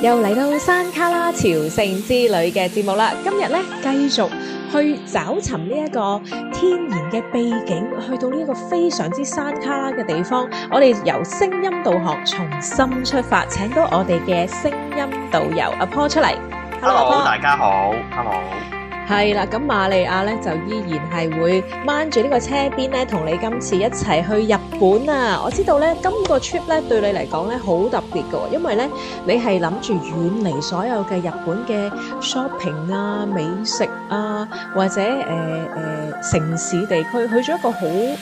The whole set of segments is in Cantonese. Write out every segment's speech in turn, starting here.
又嚟到山旮旯朝聖之旅嘅節目啦！今日呢繼續去找尋呢一個天然嘅秘境，去到呢一個非常之山旮旯嘅地方。我哋由聲音導航從心出發，請到我哋嘅聲音導遊阿 Paul 出嚟。Hello，阿 Paul。大家好。Hello。係啦，咁瑪利亞咧就依然係會掹住呢個車邊咧，同你今次一齊去日本啊！我知道咧，今個 trip 咧對你嚟講咧好特別㗎，因為咧你係諗住遠離所有嘅日本嘅 shopping 啊、美食啊，或者誒誒城市地區，去咗一個好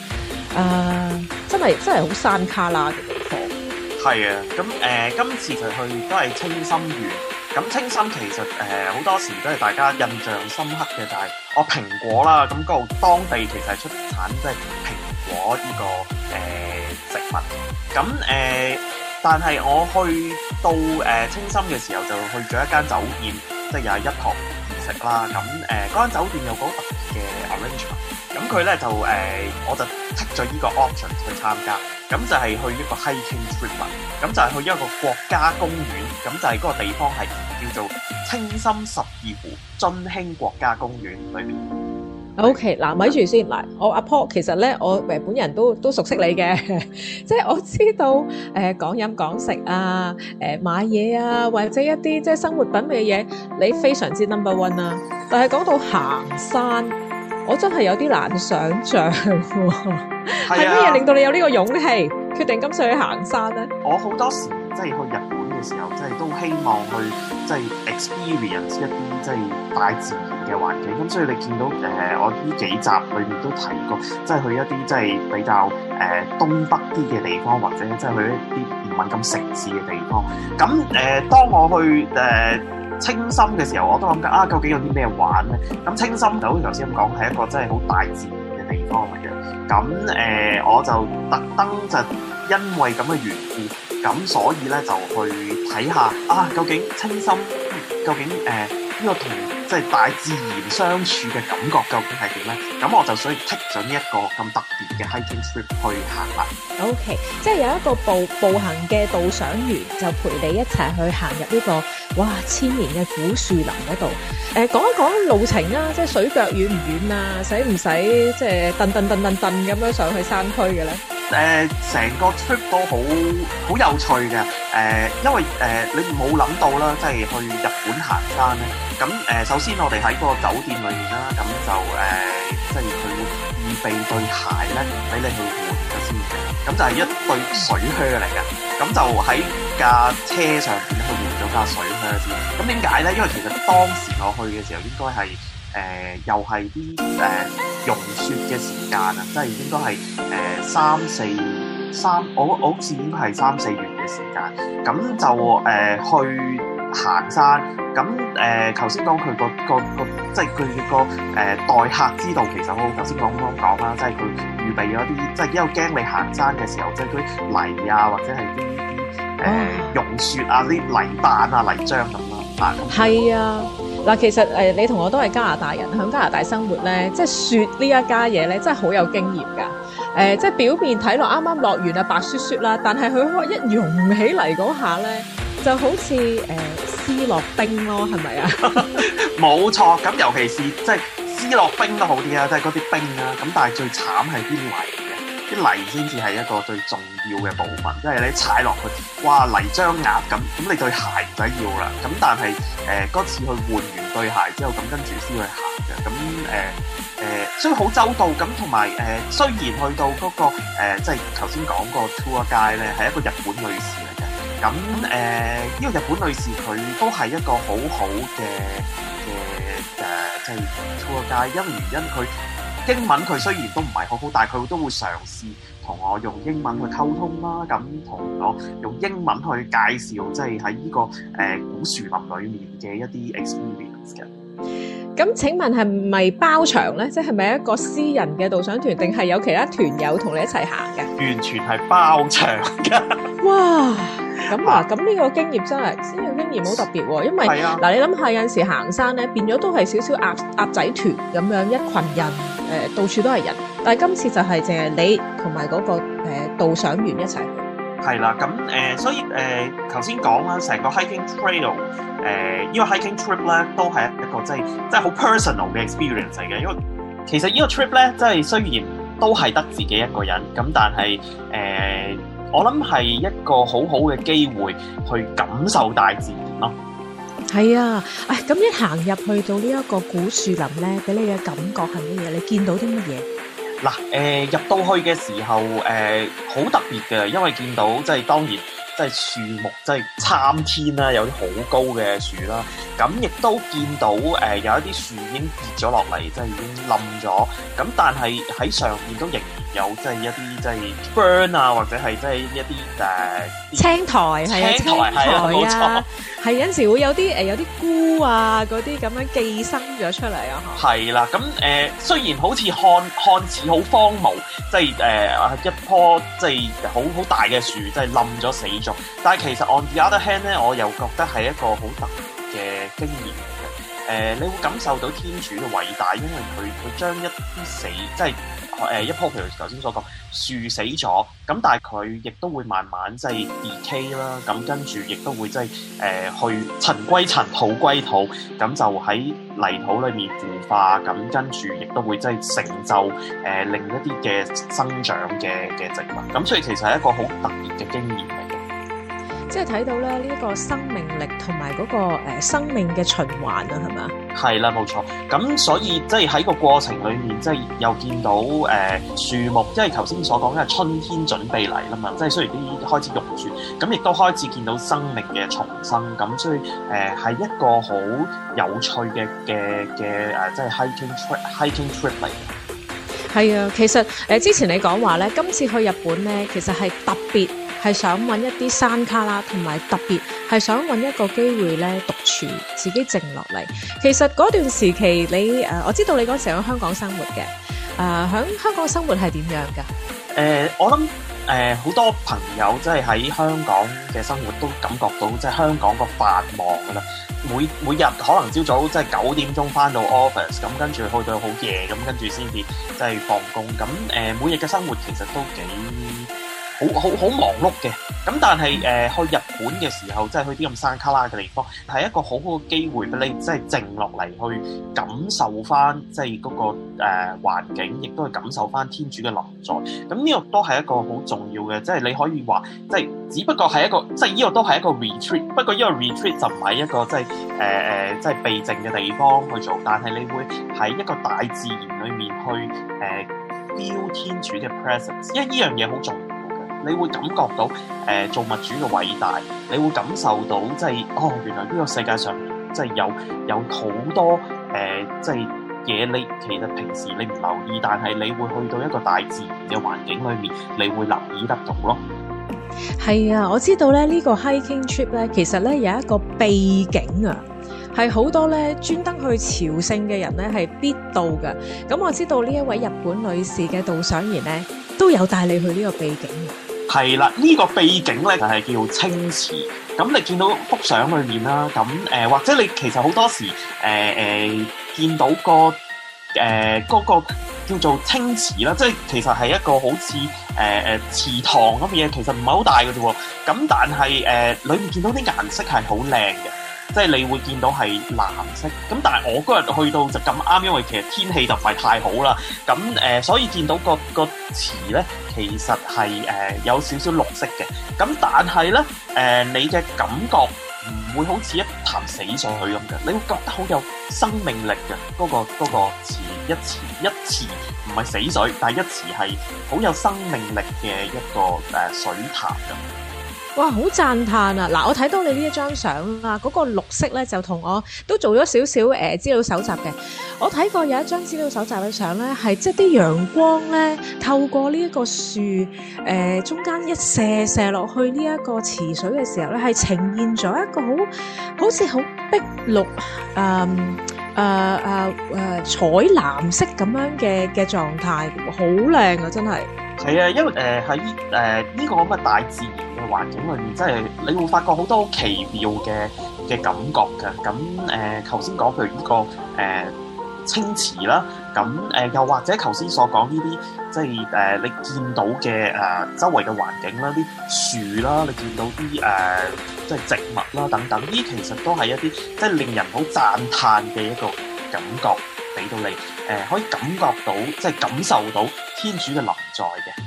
啊，真係真係好山卡拉嘅地方。係啊，咁誒，今次佢去都係青森縣。咁青森其實誒好、呃、多時都係大家印象深刻嘅，就係我蘋果啦。咁嗰度當地其實係出產即係蘋果呢、這個誒、呃、食物。咁誒、呃，但係我去到誒、呃、青森嘅時候，就去咗一間酒店，即係又係一堂食啦。咁誒，嗰、呃、間酒店有個好特別嘅 arrangement。咁佢呢就，呃，我就剔咗呢個 option 去參加，咁就係去呢個 hiking treatment 啊，咁就係去一個國家公園，咁就係嗰個地方係叫做青森十二湖，津輕國家公園裏面。Okay, 嗱，咪住先，嗱，我阿 Paul，其實呢，我呃，本人都都熟悉你嘅，即係我知道呃，講飲講食啊，呃，買嘢啊，或者一啲即係生活品味嘅嘢，你非常之 number one 啊。但係講到行山。 我真係有啲難想象，係乜嘢令到你有呢個勇氣，決定今次去行山咧？我好多時即係去日本嘅時候，即係都希望去即係 experience 一啲即係大自然嘅環境。咁所以你見到誒、呃，我呢幾集裏面都提過，即係去一啲即係比較誒、呃、東北啲嘅地方，或者即係去一啲唔係咁城市嘅地方。咁誒、呃，當我去誒。呃青森嘅時候，我都諗緊啊，究竟有啲咩玩咧？咁青森就好似頭先咁講，係一個真係好大自然嘅地方嚟嘅。咁誒、呃，我就特登就因為咁嘅緣故，咁所以咧就去睇下啊，究竟青森究竟誒呢、呃這個同即係大自然相處嘅感覺究竟係點咧？咁我就所以 pick 咗一個咁特別嘅 hiking trip 去行啦。k、okay，即係有一個步步行嘅導賞員就陪你一齊去行入呢、這個。哇！千年嘅古樹林嗰度，誒、呃，講一講路程啦，即係水腳遠唔遠啊？使唔使即係蹬蹬蹬蹬蹬咁樣上去山區嘅咧？誒、呃，成個 trip 都好好有趣嘅，誒、呃，因為誒、呃、你冇諗到啦，即係去日本行山咧。咁誒、呃，首先我哋喺個酒店裏面啦，咁就誒、呃，即係佢預備對鞋咧，俾你去換嘅先嘅。咁就係一對水靴嚟噶，咁就喺架車上面去換。架水靴先，咁點解咧？因為其實當時我去嘅時候，應該係誒、呃、又係啲誒融雪嘅時間啊，即、就、係、是、應該係誒、呃、三四三，我我好似應該係三四月嘅時間，咁就誒、呃、去行山。咁誒，頭先講佢個個個，即係佢個誒待客之道，其實我頭先講講講啦，即係佢預備咗啲，即係因為驚你行山嘅時候，即係佢泥啊，或者係啲，誒，融、哦、雪啊，啲泥板啊，泥漿咁啊，係啊，嗱、啊啊啊啊，其實誒、呃，你同我都係加拿大人，響加拿大生活咧，即係雪呢一家嘢咧，真係好有經驗噶。誒、呃，即係表面睇落啱啱落完啊，白雪雪啦，但係佢一融起嚟嗰下咧，就好似誒、呃，斯諾冰咯，係咪啊？冇錯， 咁尤其是即係、就是、斯諾冰都好啲啊，即係嗰啲冰啊，咁但係最慘係邊位？啲泥先至係一個最重要嘅部分，即係你踩落去，哇，泥漿鴨咁，咁你對鞋唔使要啦。咁但係誒嗰次去換完對鞋之後，咁跟住先去行嘅。咁誒誒，所以好周到。咁同埋誒，雖然去到嗰個即係頭先講個 tour guide 咧，係一個日本女士嚟嘅。咁誒，呢個日本女士佢都係一個好好嘅嘅誒，即係 tour guide 因為原因佢。英文佢雖然都唔係好好，但係佢都會嘗試同我用英文去溝通啦。咁同我用英文去介紹，即係喺呢個誒古樹林裏面嘅一啲 experience 嘅。咁請問係唔係包場咧？即係係咪一個私人嘅導賞團，定係有其他團友同你一齊行嘅？完全係包場㗎。哇！咁啊，咁呢、啊、個經驗真係，先要、啊、經驗好特別喎。因為嗱、啊啊，你諗下有陣時行山咧，變咗都係少少鴨鴨仔團咁樣，一群人，誒、呃，到處都係人。但係今次就係淨係你同埋嗰個誒、呃、導賞員一齊。係啦、啊，咁誒、呃，所以誒，頭先講啦，成個 hiking trail，誒、呃，呢個 hiking trip 咧，都係一個真係真係好 personal 嘅 experience 嚟嘅。因為其實個呢個 trip 咧，真係雖然都係得自己一個人，咁但係誒。呃我諗係一個好好嘅機會去感受大自然咯。係啊，咁一行入去到呢一個古樹林咧，俾你嘅感覺係乜嘢？你見到啲乜嘢？嗱，誒，入到去嘅時候，誒，好特別嘅，因為見到即係當然，即係樹木即係參天啦，有啲好高嘅樹啦。咁亦都見到誒，有一啲樹已經跌咗落嚟，即係已經冧咗。咁但係喺上面都仍然。有即係一啲即係 burn 啊，或者係即係一啲誒、uh，青苔，係青苔係冇錯，係有陣時會有啲誒有啲菇啊，嗰啲咁樣寄生咗出嚟 啊，係啦，咁、呃、誒雖然好似看看似好荒蕪，即係誒、呃、一棵即係好好大嘅樹，即係冧咗死咗，但係其實 on the other hand 咧，我又覺得係一個好特別嘅經驗嚟嘅，誒、呃、你會感受到天主嘅偉大，因為佢佢將一啲死即係。誒、哎、一棵譬如頭先所講，樹死咗，咁但係佢亦都會慢慢即係 decay 啦，咁跟住亦都會即係誒去塵歸塵土歸土，咁就喺泥土裏面腐化，咁跟住亦都會即係成就誒、呃、另一啲嘅生長嘅嘅植物，咁所以其實係一個好特別嘅經驗嚟。即係睇到咧呢、呢個生命力同埋嗰個誒、呃、生命嘅循環啊，係咪？係啦，冇錯。咁所以即係喺個過程裏面，即係又見到誒、呃、樹木，即係頭先所講嘅春天準備嚟啦嘛。即係雖然已經開始融雪，咁亦都開始見到生命嘅重生。咁所以誒係、呃、一個好有趣嘅嘅嘅誒，即係 hiking tri trip hiking trip 嚟嘅。係啊，其實誒、呃、之前你講話咧，今次去日本咧，其實係特別。係想揾一啲山旮旯，同埋特別係想揾一個機會咧獨處，自己靜落嚟。其實嗰段時期，你誒、呃，我知道你嗰時喺香港生活嘅，誒、呃，喺香港生活係點樣噶？誒、呃，我諗誒，好、呃、多朋友即係喺香港嘅生活都感覺到，即係香港個繁忙噶啦。每每日可能朝早即係九點鐘返到 office，咁跟住去到好夜，咁跟住先至即係放工。咁誒、呃，每日嘅生活其實都幾。好好好忙碌嘅，咁但係誒、呃、去日本嘅時候，即係去啲咁山旮旯嘅地方，係一個好好嘅機會俾你，即係靜落嚟去感受翻，即係嗰、那個誒環、呃、境，亦都係感受翻天主嘅臨在。咁呢個都係一個好重要嘅，即係你可以話，即係只不過係一個，即係呢個都係一個 retreat，不過呢個 retreat 就唔係一個即係誒誒即係避靜嘅地方去做，但係你會喺一個大自然裏面去誒 feel、呃、天主嘅 presence，因為呢樣嘢好重要。你會感覺到誒、呃，造物主嘅偉大，你會感受到即係哦，原來呢個世界上即係有有好多誒，即係嘢你其實平時你唔留意，但係你會去到一個大自然嘅環境裏面，你會留意得到咯。係啊，我知道咧呢、這個 hiking trip 咧，其實咧有一個秘境啊，係好多咧專登去朝聖嘅人咧係必到嘅。咁、嗯、我知道呢一位日本女士嘅導賞員咧，都有帶你去呢個秘境，啊。係啦，這個、呢個背景咧就係、是、叫做青池。咁你見到幅相裏面啦，咁誒、呃、或者你其實好多時誒誒、呃呃、見到個誒嗰、呃那個、叫做青池啦，即係其實係一個好似誒誒池塘咁嘅嘢，其實唔係好大嘅啫。咁但係誒裏面見到啲顏色係好靚嘅。即係你會見到係藍色，咁但係我嗰日去到就咁啱，因為其實天氣就唔係太好啦，咁誒、呃，所以見到個個池咧，其實係誒、呃、有少少綠色嘅，咁但係咧，誒、呃、你嘅感覺唔會好似一潭死水咁嘅，你會覺得好有生命力嘅，嗰、嗰個、嗰個池一池一池唔係死水，但係一池係好有生命力嘅一個誒、呃、水潭嘅。哇，好讚嘆啊！嗱，我睇到你呢一張相呀，嗰個綠色咧，就同我都做咗少少誒資料搜集嘅。我睇過有一張資料搜集嘅相咧，係即係啲陽光咧透過呢一個樹誒中間一射射落去呢一個池水嘅時候咧，係呈現咗一個好好似好碧綠誒誒誒誒彩藍色咁樣嘅嘅狀態，好靚啊！真係係啊，因為誒喺誒呢個咁嘅大自然，環境裏面，即、就、係、是、你會發覺好多很奇妙嘅嘅感覺噶。咁誒，頭先講譬如呢、這個誒、呃、青池啦，咁、啊、誒又或者頭先所講呢啲，即係誒你見到嘅誒周圍嘅環境啦，啲樹啦，你見到啲誒即係植物啦等等，呢其實都係一啲即係令人好讚嘆嘅一個感覺，俾到你誒、呃、可以感覺到，即、就、係、是、感受到天主嘅臨在嘅。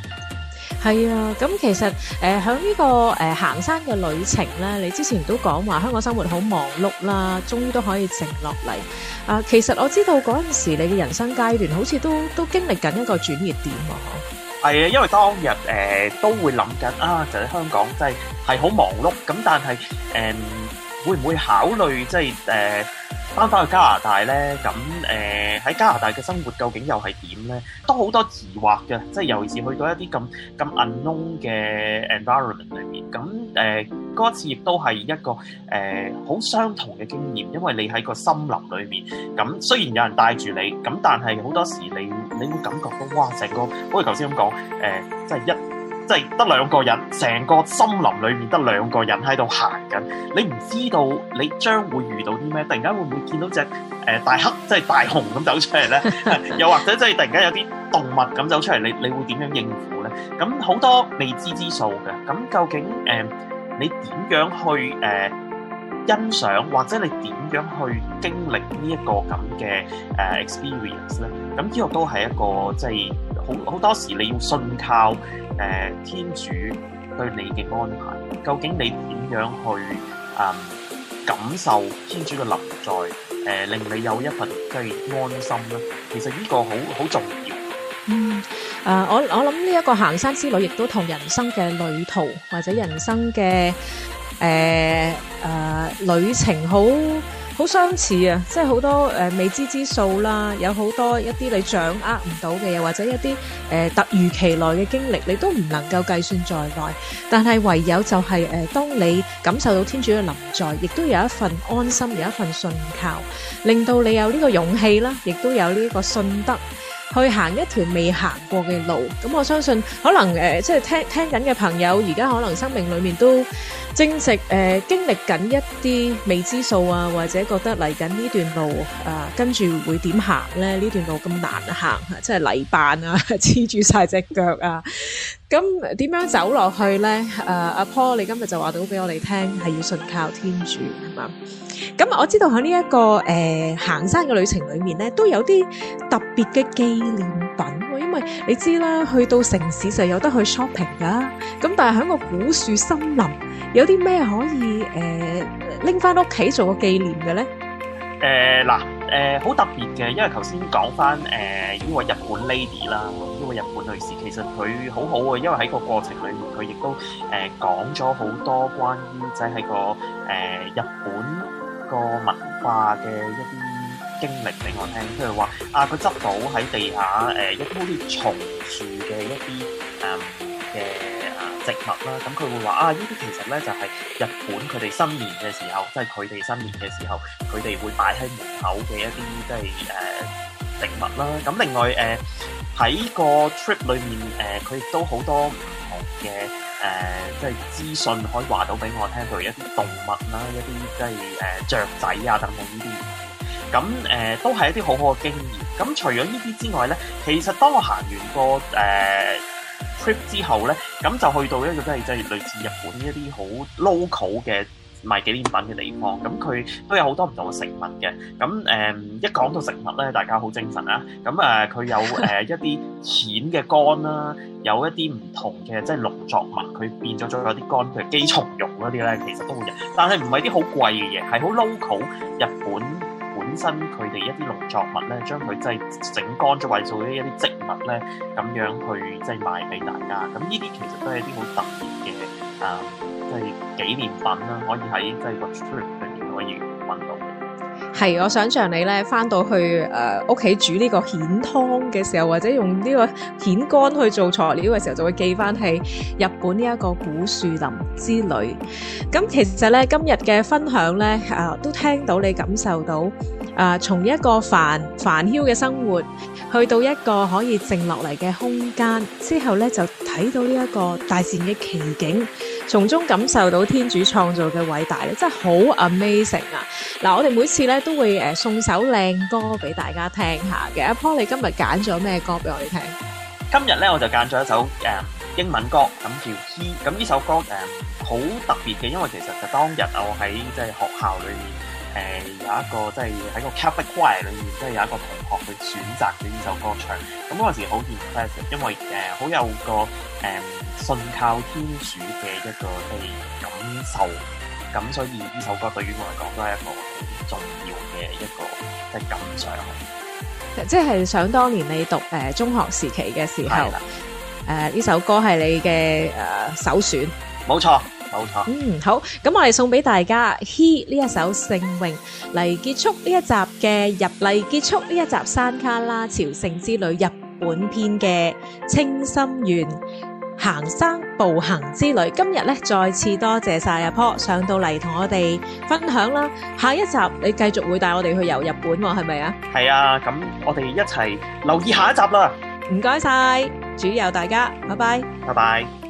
係啊，咁、嗯、其實誒，響、呃、呢、這個誒、呃、行山嘅旅程咧，你之前都講話香港生活好忙碌啦，終於都可以靜落嚟啊。其實我知道嗰陣時你嘅人生階段好似都都經歷緊一個轉捩點啊。係啊，因為當日誒、呃、都會諗緊啊，就喺香港真係係好忙碌，咁但係誒。呃會唔會考慮，即係誒翻返去，加拿大咧？咁誒喺加拿大嘅生活究竟又係點咧？都好多疑惑嘅，即係尤其是去到一啲咁咁 unknown 嘅 environment 裏面。咁誒嗰一次亦都係一個誒好相同嘅經驗，因為你喺個森林裏面，咁雖然有人帶住你，咁但係好多時你你會感覺到哇，成個好似頭先咁講，誒即係一。即係得兩個人，成個森林裏面得兩個人喺度行緊。你唔知道你將會遇到啲咩？突然間會唔會見到隻誒大黑，即係大熊咁走出嚟咧？ 又或者即係突然間有啲動物咁走出嚟，你你會點樣應付咧？咁好多未知之數嘅。咁究竟誒、呃、你點樣去誒、呃、欣賞，或者你點樣去經歷、這個呃、呢個一個咁嘅誒 experience 咧？咁呢個都係一個即係。好多時你要信靠誒天主對你嘅安排，究竟你點樣去啊感受天主嘅臨在？誒，令你有一份即係安心咧。其實呢個好好重要。嗯，啊，我我諗呢一個行山之旅，亦都同人生嘅旅途或者人生嘅誒誒旅程好。好相似啊！即係好多誒、呃、未知之數啦，有好多一啲你掌握唔到嘅，又或者一啲誒、呃、突如其來嘅經歷，你都唔能夠計算在內。但係唯有就係、是、誒、呃，當你感受到天主嘅臨在，亦都有一份安心，有一份信靠，令到你有呢個勇氣啦，亦都有呢個信德。去行一條未行過嘅路，咁我相信可能誒、呃，即係聽聽緊嘅朋友，而家可能生命裏面都正值誒、呃、經歷緊一啲未知數啊，或者覺得嚟緊呢段路、呃、呢段路啊，跟住會點行咧？呢段路咁難行，即係泥扮啊，黐住晒隻腳啊！ 咁點樣走落去咧？誒，阿 Paul，你今日就話到俾我哋聽，係要信靠天主係嘛？咁我知道喺呢一個誒行山嘅旅程裏面咧，都有啲特別嘅紀念品，因為你知啦，去到城市就有得去 shopping 噶，咁但係喺個古樹森林，有啲咩可以誒拎翻屋企做個紀念嘅咧？誒，嗱。誒好、呃、特別嘅，因為頭先講翻誒呢個日本 lady 啦，呢、呃、個日本女士其實佢好好啊，因為喺個過程裏面佢亦都誒講咗好多關於即係個誒、呃、日本個文化嘅一啲經歷俾我聽，譬如話啊，佢執到喺地下誒、呃、一啲松樹嘅一啲誒嘅，嗯物啦，咁佢會話啊，呢啲其實咧就係、是、日本佢哋新年嘅時候，即係佢哋新年嘅時候，佢哋會擺喺門口嘅一啲即係誒植物啦。咁另外誒喺、呃、個 trip 裏面誒，佢亦都好多唔同嘅誒即係資訊可以話到俾我聽，例如一啲動物啦，一啲即係誒雀仔啊等等呢啲。咁誒、呃、都係一啲好好嘅經驗。咁除咗呢啲之外咧，其實當我行完個誒。呃 Trip 之後咧，咁就去到一個真係即係類似日本一啲好 local 嘅賣紀念品嘅地方，咁佢都有好多唔同嘅食物嘅。咁誒、嗯，一講到食物咧，大家好精神啊！咁、呃呃、啊，佢有誒一啲淺嘅乾啦，有一啲唔同嘅即係農作物，佢變咗咗有啲乾譬如基蟲肉嗰啲咧，其實都會有，但係唔係啲好貴嘅嘢，係好 local 日本。本身佢哋一啲農作物咧，將佢製整乾，即係為咗一啲植物咧，咁樣去即係賣俾大家。咁呢啲其實都係啲好特別嘅誒，即係紀念品啦，可以喺即係個 trip 裏面可以揾到。係我想象你咧翻到去誒屋企煮呢個蜆湯嘅時候，或者用呢個蜆乾去做材料嘅時候，就會記翻起日本呢一個古樹林之旅。咁其實咧今日嘅分享咧，誒都聽到你感受到。誒，從一個繁繁囂嘅生活，去到一個可以靜落嚟嘅空間之後咧，就睇到呢一個大自然嘅奇景，從中感受到天主創造嘅偉大咧，真係好 amazing 啊！嗱，我哋每次咧都會誒送首靚歌俾大家聽下嘅，阿 Paul 你今日揀咗咩歌俾我哋聽？今日咧我就揀咗一首誒英文歌，咁叫 He，咁呢首歌誒好特別嘅，因為其實就當日我喺即係學校裏面。誒、呃，有一個即係喺個 category 裏面，即係有一個同學去選擇咗呢首歌唱，咁嗰陣時好 interesting，因為誒好、呃、有個誒、嗯、信靠天主嘅一個誒感受，咁所以呢首歌對於我嚟講都係一個好重要嘅一個嘅印象。即係想當年你讀誒、呃、中學時期嘅時候，誒呢了、呃、首歌係你嘅誒、呃、首選，冇錯。冇錯，嗯，好，咁我哋送俾大家，He 呢一首聖詠嚟，結束呢一集嘅入嚟結束呢一集山旮旯朝聖之旅日本篇嘅清心園行山步行之旅，今日咧再次多謝晒阿 Paul 上到嚟同我哋分享啦，下一集你繼續會帶我哋去遊日本喎，係咪啊？係啊，咁我哋一齊留意下一集啦，唔該晒，主佑大家，拜拜，拜拜。